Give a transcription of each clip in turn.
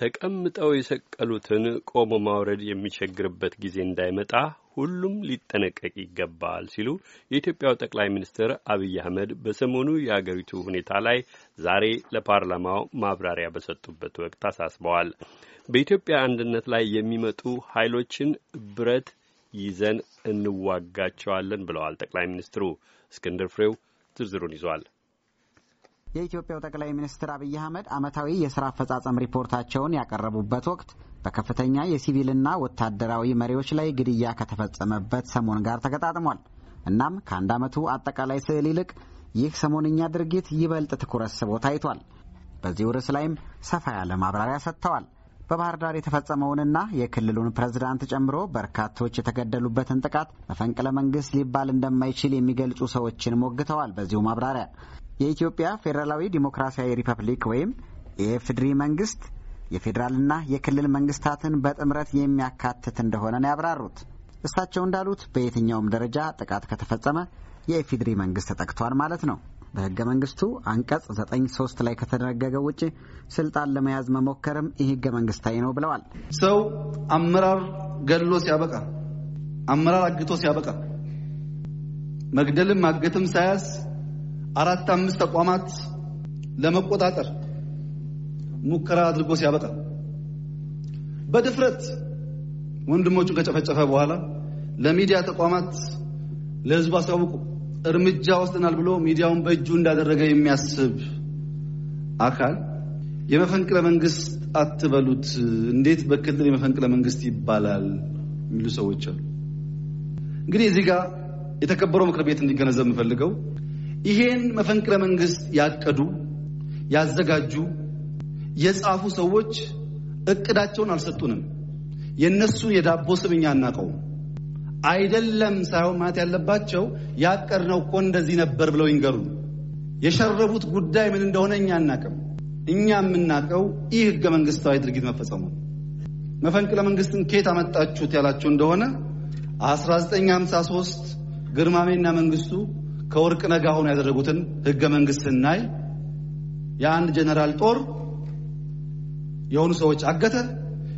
ተቀምጠው የሰቀሉትን ቆሞ ማውረድ የሚቸግርበት ጊዜ እንዳይመጣ ሁሉም ሊጠነቀቅ ይገባል ሲሉ የኢትዮጵያው ጠቅላይ ሚኒስትር አብይ አህመድ በሰሞኑ የአገሪቱ ሁኔታ ላይ ዛሬ ለፓርላማው ማብራሪያ በሰጡበት ወቅት አሳስበዋል። በኢትዮጵያ አንድነት ላይ የሚመጡ ኃይሎችን ብረት ይዘን እንዋጋቸዋለን ብለዋል ጠቅላይ ሚኒስትሩ። እስክንድር ፍሬው ዝርዝሩን ይዟል። የኢትዮጵያው ጠቅላይ ሚኒስትር አብይ አህመድ ዓመታዊ የስራ አፈጻጸም ሪፖርታቸውን ያቀረቡበት ወቅት በከፍተኛ የሲቪልና ወታደራዊ መሪዎች ላይ ግድያ ከተፈጸመበት ሰሞን ጋር ተገጣጥሟል። እናም ከአንድ ዓመቱ አጠቃላይ ስዕል ይልቅ ይህ ሰሞንኛ ድርጊት ይበልጥ ትኩረት ስቦ ታይቷል። በዚሁ ርዕስ ላይም ሰፋ ያለ ማብራሪያ ሰጥተዋል። በባህር ዳር የተፈጸመውንና የክልሉን ፕሬዝዳንት ጨምሮ በርካቶች የተገደሉበትን ጥቃት መፈንቅለ መንግስት ሊባል እንደማይችል የሚገልጹ ሰዎችን ሞግተዋል። በዚሁ ማብራሪያ የኢትዮጵያ ፌዴራላዊ ዲሞክራሲያዊ ሪፐብሊክ ወይም የኤፍድሪ መንግስት የፌዴራልና የክልል መንግስታትን በጥምረት የሚያካትት እንደሆነ ነው ያብራሩት። እሳቸው እንዳሉት በየትኛውም ደረጃ ጥቃት ከተፈጸመ የኢፌዴሪ መንግስት ተጠቅቷል ማለት ነው። በህገ መንግስቱ አንቀጽ ዘጠኝ ላይ ከተደነገገው ውጭ ስልጣን ለመያዝ መሞከርም ይህ ህገ መንግስታዊ ነው ብለዋል። ሰው አመራር ገድሎ ሲያበቃ፣ አመራር አግቶ ሲያበቃ፣ መግደልም ማገትም ሳያዝ አራት አምስት ተቋማት ለመቆጣጠር ሙከራ አድርጎ ሲያበቃ በድፍረት ወንድሞቹን ከጨፈጨፈ በኋላ ለሚዲያ ተቋማት ለህዝቡ አሳውቁ እርምጃ ወስደናል ብሎ ሚዲያውን በእጁ እንዳደረገ የሚያስብ አካል የመፈንቅለ መንግስት አትበሉት፣ እንዴት በክልል የመፈንቅለ መንግስት ይባላል የሚሉ ሰዎች አሉ። እንግዲህ እዚህ ጋር የተከበረው ምክር ቤት እንዲገነዘብ የምፈልገው ይሄን መፈንቅለ መንግስት ያቀዱ ያዘጋጁ የጻፉ ሰዎች እቅዳቸውን አልሰጡንም። የእነሱን የዳቦ ስም እኛ አናውቀውም። አይደለም ሳይሆን ማለት ያለባቸው ያቀድነው እኮ እንደዚህ ነበር ብለው ይንገሩ። የሸረቡት ጉዳይ ምን እንደሆነ እኛ አናውቅም። እኛ የምናውቀው ይህ ህገ መንግስታዊ ድርጊት መፈጸሙ። መፈንቅለ መንግስትን ኬት አመጣችሁት ያላቸው እንደሆነ 1953 ግርማሜና መንግስቱ ከወርቅ ነጋሁን ያደረጉትን ህገ መንግስት ስናይ የአንድ ጀነራል ጦር የሆኑ ሰዎች አገተ፣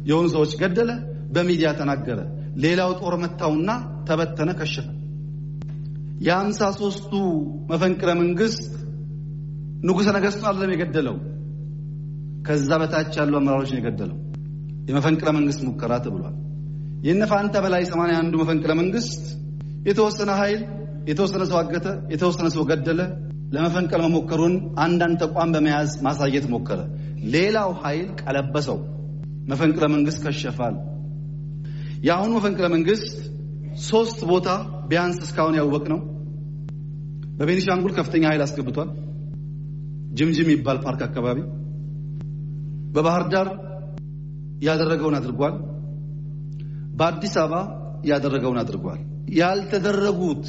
የሆኑ ሰዎች ገደለ፣ በሚዲያ ተናገረ። ሌላው ጦር መታውና ተበተነ፣ ከሸፈ። የአምሳ ሶስቱ መፈንቅለ መንግስት ንጉሠ ነገሥቱ አይደለም የገደለው፣ ከዛ በታች ያሉ አመራሮች ነው የገደለው። የመፈንቅለ መንግስት ሙከራ ተብሏል። የእነ በላይ 81ዱ መፈንቅለ መንግስት የተወሰነ ኃይል የተወሰነ ሰው አገተ፣ የተወሰነ ሰው ገደለ፣ ለመፈንቀል መሞከሩን አንዳንድ ተቋም በመያዝ ማሳየት ሞከረ። ሌላው ኃይል ቀለበሰው፣ መፈንቅለ መንግስት ከሸፋል። የአሁኑ መፈንቅለ መንግስት ሶስት ቦታ ቢያንስ እስካሁን ያወቅ ነው። በቤኒሻንጉል ከፍተኛ ኃይል አስገብቷል። ጅምጅም የሚባል ፓርክ አካባቢ፣ በባህር ዳር ያደረገውን አድርጓል። በአዲስ አበባ ያደረገውን አድርጓል። ያልተደረጉት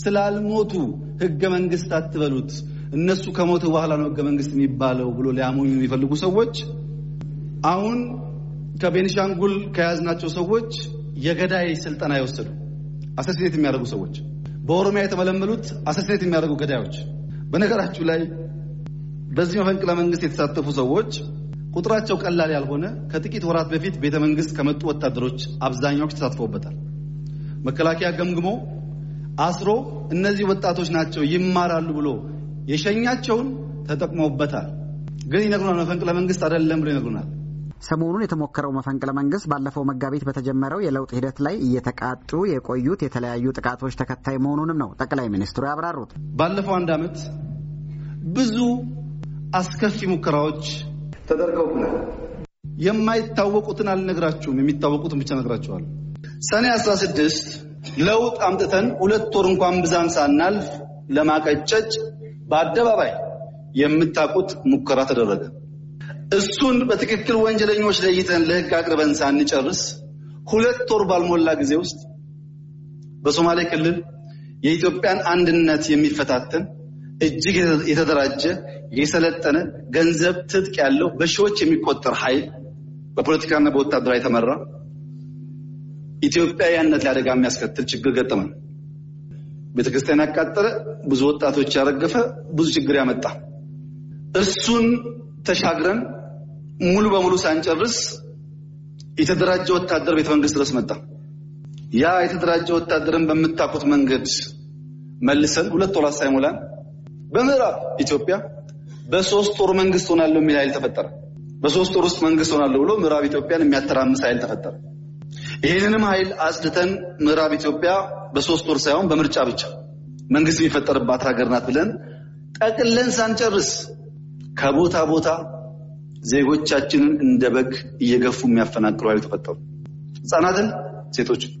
ስላልሞቱ ህገ መንግስት አትበሉት፣ እነሱ ከሞቱ በኋላ ነው ህገ መንግስት የሚባለው ብሎ ሊያሞኙ የሚፈልጉ ሰዎች አሁን ከቤኒሻንጉል ከያዝናቸው ሰዎች የገዳይ ስልጠና የወሰዱ አሰሲኔት የሚያደርጉ ሰዎች፣ በኦሮሚያ የተመለመሉት አሰሲኔት የሚያደርጉ ገዳዮች። በነገራችሁ ላይ በዚህ መፈንቅለ መንግስት የተሳተፉ ሰዎች ቁጥራቸው ቀላል ያልሆነ ከጥቂት ወራት በፊት ቤተ መንግስት ከመጡ ወታደሮች አብዛኛዎች ተሳትፈውበታል። መከላከያ ገምግሞ አስሮ እነዚህ ወጣቶች ናቸው ይማራሉ ብሎ የሸኛቸውን ተጠቅመውበታል። ግን ይነግሩናል፣ መፈንቅለ መንግስት አይደለም ብሎ ይነግሩናል። ሰሞኑን የተሞከረው መፈንቅለ መንግስት ባለፈው መጋቢት በተጀመረው የለውጥ ሂደት ላይ እየተቃጡ የቆዩት የተለያዩ ጥቃቶች ተከታይ መሆኑንም ነው ጠቅላይ ሚኒስትሩ ያብራሩት። ባለፈው አንድ ዓመት ብዙ አስከፊ ሙከራዎች ተደርገውብናል። የማይታወቁትን አልነግራችሁም፣ የሚታወቁትን ብቻ ነግራችኋል። ሰኔ 16 ለውጥ አምጥተን ሁለት ወር እንኳን ብዛም ሳናልፍ ለማቀጨጭ በአደባባይ የምታውቁት ሙከራ ተደረገ። እሱን በትክክል ወንጀለኞች ለይተን ለሕግ አቅርበን ሳንጨርስ ሁለት ወር ባልሞላ ጊዜ ውስጥ በሶማሌ ክልል የኢትዮጵያን አንድነት የሚፈታተን እጅግ የተደራጀ የሰለጠነ ገንዘብ ትጥቅ ያለው በሺዎች የሚቆጠር ኃይል በፖለቲካና በወታደራዊ የተመራ ኢትዮጵያዊነት ላይ አደጋ የሚያስከትል ችግር ገጠመን። ቤተክርስቲያን ያቃጠለ፣ ብዙ ወጣቶች ያረገፈ፣ ብዙ ችግር ያመጣ እሱን ተሻግረን ሙሉ በሙሉ ሳንጨርስ የተደራጀ ወታደር ቤተ መንግስት ድረስ መጣ። ያ የተደራጀ ወታደርን በምታውቁት መንገድ መልሰን ሁለት ወራት ሳይሞላን በምዕራብ ኢትዮጵያ በሶስት ጦር መንግስት ሆናለሁ የሚል ኃይል ተፈጠረ። በሶስት ጦር ውስጥ መንግስት ሆናለሁ ብሎ ምዕራብ ኢትዮጵያን የሚያተራምስ ኃይል ተፈጠረ። ይህንንም ኃይል አጽድተን ምዕራብ ኢትዮጵያ በሶስት ወር ሳይሆን በምርጫ ብቻ መንግስት የሚፈጠርባት ሀገር ናት ብለን ጠቅለን ሳንጨርስ ከቦታ ቦታ ዜጎቻችንን እንደ በግ እየገፉ የሚያፈናቅሉ ኃይል ተፈጠሩ። ህጻናትን፣ ሴቶችን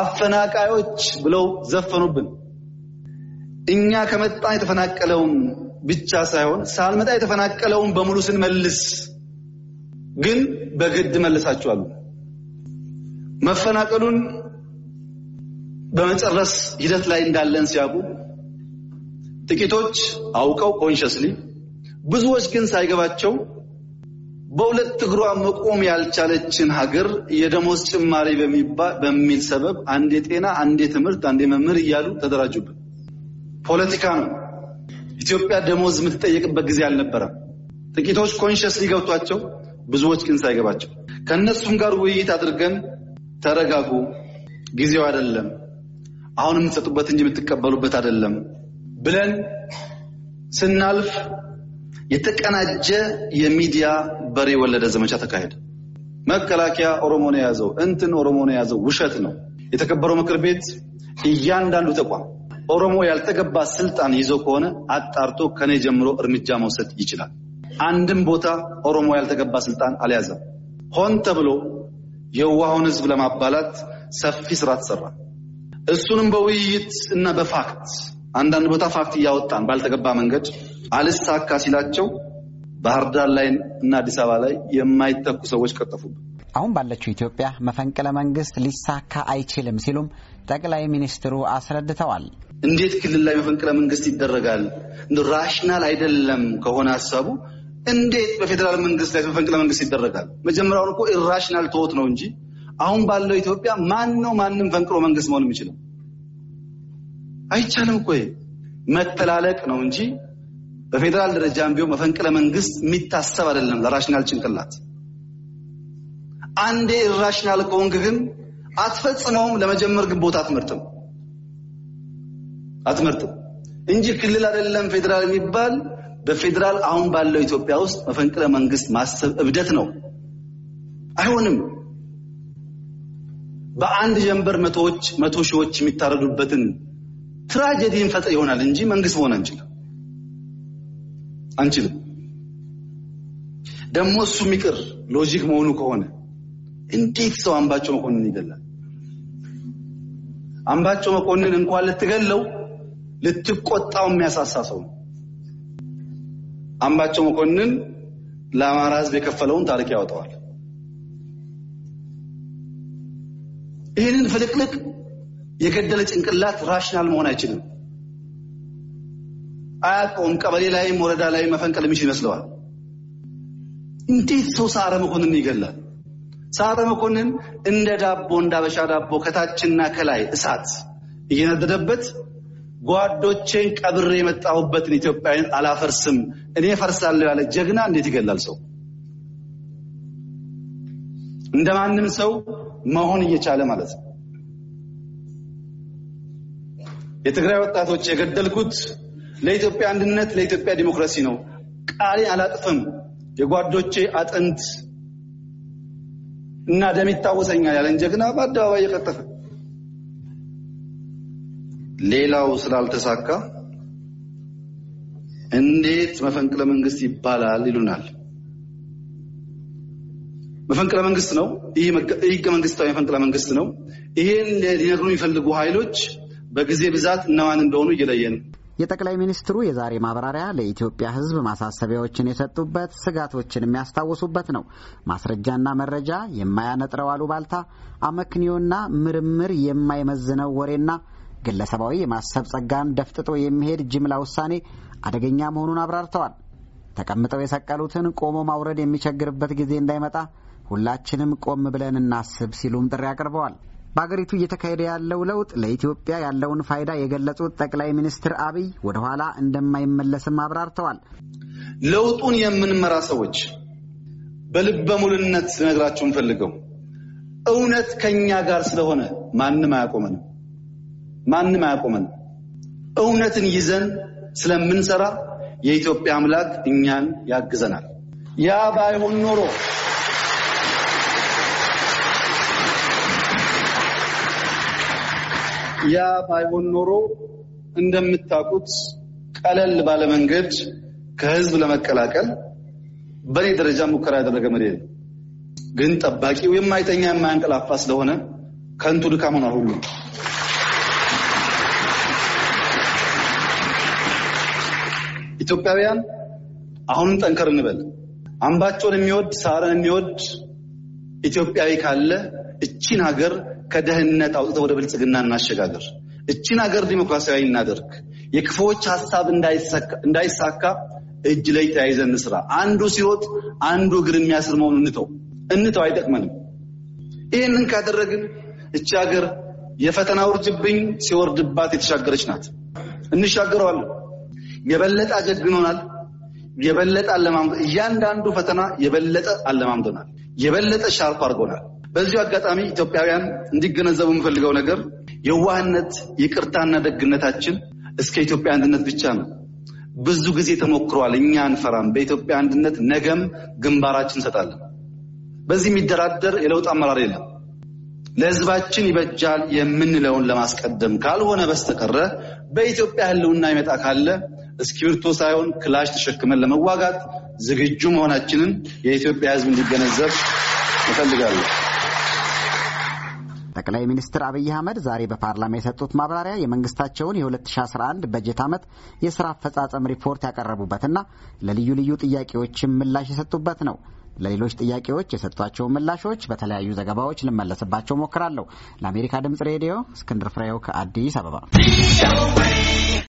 አፈናቃዮች ብለው ዘፈኑብን። እኛ ከመጣን የተፈናቀለውን ብቻ ሳይሆን ሳልመጣ የተፈናቀለውን በሙሉ ስንመልስ ግን በግድ መልሳችኋል። መፈናቀሉን በመጨረስ ሂደት ላይ እንዳለን ሲያውቁ ጥቂቶች አውቀው ኮንሸስሊ፣ ብዙዎች ግን ሳይገባቸው በሁለት እግሯ መቆም ያልቻለችን ሀገር የደሞዝ ጭማሪ በሚል ሰበብ አንዴ ጤና፣ አንዴ ትምህርት፣ አንዴ መምህር እያሉ ተደራጁብን። ፖለቲካ ነው። ኢትዮጵያ ደሞዝ የምትጠየቅበት ጊዜ አልነበረም። ጥቂቶች ኮንሸስሊ ገብቷቸው፣ ብዙዎች ግን ሳይገባቸው ከእነሱም ጋር ውይይት አድርገን ተረጋጉ፣ ጊዜው አይደለም፣ አሁን የምትሰጡበት እንጂ የምትቀበሉበት አይደለም ብለን ስናልፍ የተቀናጀ የሚዲያ በሬ ወለደ ዘመቻ ተካሄደ። መከላከያ ኦሮሞን የያዘው እንትን ኦሮሞን የያዘው ውሸት ነው። የተከበረው ምክር ቤት እያንዳንዱ ተቋም ኦሮሞ ያልተገባ ስልጣን ይዞ ከሆነ አጣርቶ ከኔ ጀምሮ እርምጃ መውሰድ ይችላል። አንድም ቦታ ኦሮሞ ያልተገባ ስልጣን አልያዘም። ሆን ተብሎ የዋሁን ህዝብ ለማባላት ሰፊ ስራ ተሰራ። እሱንም በውይይት እና በፋክት አንዳንድ ቦታ ፋክት እያወጣን ባልተገባ መንገድ አልሳካ ሲላቸው ባህር ዳር ላይ እና አዲስ አበባ ላይ የማይተኩ ሰዎች ቀጠፉብን። አሁን ባለችው ኢትዮጵያ መፈንቅለ መንግስት ሊሳካ አይችልም ሲሉም ጠቅላይ ሚኒስትሩ አስረድተዋል። እንዴት ክልል ላይ መፈንቅለ መንግስት ይደረጋል? ራሽናል አይደለም ከሆነ ሀሳቡ እንዴት በፌዴራል መንግስት ላይ መፈንቅለ መንግስት ይደረጋል? መጀመሪያውን እኮ ኢራሽናል ቶት ነው እንጂ አሁን ባለው ኢትዮጵያ ማን ነው ማንም ፈንቅሎ መንግስት መሆን የሚችለው? አይቻልም እኮ መተላለቅ ነው እንጂ በፌዴራል ደረጃም ቢሆን መፈንቅለ መንግስት የሚታሰብ አይደለም ለራሽናል ጭንቅላት። አንዴ ኢራሽናል ከሆንክ ግን አትፈጽመውም። ለመጀመር ግን ቦታ አትመርጥም አትመርጥም እንጂ ክልል አይደለም ፌዴራል የሚባል በፌዴራል አሁን ባለው ኢትዮጵያ ውስጥ መፈንቅለ መንግስት ማሰብ እብደት ነው። አይሆንም። በአንድ ጀንበር መቶዎች መቶ ሺዎች የሚታረዱበትን ትራጀዲ እንፈጥር ይሆናል እንጂ መንግስት መሆን አንችልም አንችልም። ደግሞ እሱ የሚቅር ሎጂክ መሆኑ ከሆነ እንዴት ሰው አምባቸው መኮንን ይገላል? አምባቸው መኮንን እንኳን ልትገለው ልትቆጣው የሚያሳሳ ሰው ነው። አምባቸው መኮንን ለአማራ ሕዝብ የከፈለውን ታሪክ ያወጣዋል። ይህንን ፍልቅልቅ የገደለ ጭንቅላት ራሽናል መሆን አይችልም። አያውቀውም። ቀበሌ ላይም ወረዳ ላይም መፈንቀል የሚችል ይመስለዋል። እንዴት ሰው ሳረ መኮንን ይገላል? ሳረ መኮንን እንደ ዳቦ እንደ ዳቦ ከታችና ከላይ እሳት እየነደደበት ጓዶቼን ቀብሬ የመጣሁበትን ኢትዮጵያን አላፈርስም እኔ ፈርሳለሁ ያለ ጀግና እንዴት ይገላል ሰው? እንደማንም ሰው መሆን እየቻለ ማለት ነው። የትግራይ ወጣቶች የገደልኩት ለኢትዮጵያ አንድነት፣ ለኢትዮጵያ ዲሞክራሲ ነው። ቃሌ አላጥፍም። የጓዶቼ አጥንት እና ደም ይታወሰኛል ያለን ጀግና በአደባባይ እየቀጠፈ ሌላው ስላልተሳካ እንዴት መፈንቅለ መንግስት ይባላል ይሉናል። መፈንቅለ መንግስት ነው። ይህ ህገ መንግስታዊ መፈንቅለ መንግስት ነው። ይህን ሊነግሩ የሚፈልጉ ኃይሎች በጊዜ ብዛት እነማን እንደሆኑ እየለየን የጠቅላይ ሚኒስትሩ የዛሬ ማብራሪያ ለኢትዮጵያ ሕዝብ ማሳሰቢያዎችን የሰጡበት ስጋቶችን የሚያስታውሱበት ነው። ማስረጃና መረጃ የማያነጥረው አሉባልታ፣ አመክንዮና ምርምር የማይመዝነው ወሬና ግለሰባዊ የማሰብ ጸጋን ደፍጥጦ የሚሄድ ጅምላ ውሳኔ አደገኛ መሆኑን አብራርተዋል። ተቀምጠው የሰቀሉትን ቆሞ ማውረድ የሚቸግርበት ጊዜ እንዳይመጣ ሁላችንም ቆም ብለን እናስብ ሲሉም ጥሪ አቅርበዋል። በአገሪቱ እየተካሄደ ያለው ለውጥ ለኢትዮጵያ ያለውን ፋይዳ የገለጹት ጠቅላይ ሚኒስትር አብይ ወደ ኋላ እንደማይመለስም አብራርተዋል። ለውጡን የምንመራ ሰዎች በልበ ሙሉነት ነግራችሁ እንፈልገው እውነት ከእኛ ጋር ስለሆነ ማንም አያቆመንም። ማንም አያቆመን። እውነትን ይዘን ስለምንሰራ የኢትዮጵያ አምላክ እኛን ያግዘናል። ያ ባይሆን ኖሮ ያ ባይሆን ኖሮ እንደምታውቁት ቀለል ባለ መንገድ ከህዝብ ለመቀላቀል በእኔ ደረጃ ሙከራ ያደረገ መሪ ግን ጠባቂው የማይተኛ የማያንቀላፋ ስለሆነ ከንቱ ድካም ሆኗል ሁሉም ኢትዮጵያውያን አሁንም ጠንከር እንበል። አምባቸውን የሚወድ ሳርን የሚወድ ኢትዮጵያዊ ካለ እቺን ሀገር ከደህንነት አውጥተ ወደ ብልጽግና እናሸጋገር። እቺን ሀገር ዲሞክራሲያዊ እናደርግ። የክፉዎች ሀሳብ እንዳይሳካ እጅ ላይ ተያይዘን እንስራ። አንዱ ሲወጥ አንዱ እግር የሚያስር መሆኑ እንተው እንተው፣ አይጠቅመንም። ይህንን ካደረግን እቺ ሀገር የፈተና ውርጅብኝ ሲወርድባት የተሻገረች ናት። እንሻገረዋለን። የበለጠ አጀግኖናል። የበለጠ አለማምዶ እያንዳንዱ ፈተና የበለጠ አለማምዶናል። የበለጠ ሻርፕ አድርጎናል። በዚሁ አጋጣሚ ኢትዮጵያውያን እንዲገነዘቡ የምፈልገው ነገር የዋህነት ይቅርታና ደግነታችን እስከ ኢትዮጵያ አንድነት ብቻ ነው። ብዙ ጊዜ ተሞክሯል። እኛ አንፈራም። በኢትዮጵያ አንድነት ነገም ግንባራችን እንሰጣለን። በዚህ የሚደራደር የለውጥ አመራር የለም። ለሕዝባችን ይበጃል የምንለውን ለማስቀደም ካልሆነ በስተቀረ በኢትዮጵያ ሕልውና ይመጣ ካለ እስክሪብቶ ሳይሆን ክላሽ ተሸክመን ለመዋጋት ዝግጁ መሆናችንን የኢትዮጵያ ሕዝብ እንዲገነዘብ እፈልጋለሁ። ጠቅላይ ሚኒስትር አብይ አህመድ ዛሬ በፓርላማ የሰጡት ማብራሪያ የመንግስታቸውን የ2011 በጀት ዓመት የስራ አፈጻጸም ሪፖርት ያቀረቡበትና ለልዩ ልዩ ጥያቄዎችም ምላሽ የሰጡበት ነው። ለሌሎች ጥያቄዎች የሰጧቸውን ምላሾች በተለያዩ ዘገባዎች ልመለስባቸው ሞክራለሁ። ለአሜሪካ ድምጽ ሬዲዮ እስክንድር ፍሬው ከአዲስ አበባ